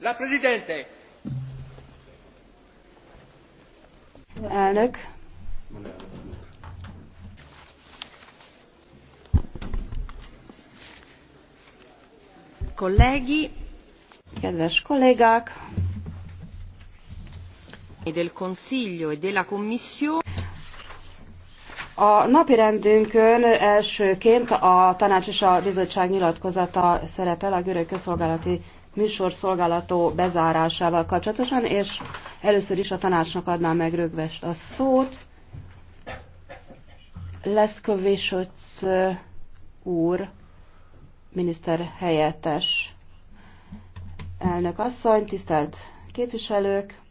La Presidente! Elnök! Kollégi! Kedves kollégák! a del Consiglio e della Commissione a napi rendünkön elsőként a tanács és a bizottság nyilatkozata szerepel a görög közszolgálati műsorszolgálató bezárásával kapcsolatosan, és először is a tanácsnak adnám meg rögvest a szót. Leszkövésoc uh, úr, miniszter helyettes elnök asszony, tisztelt képviselők!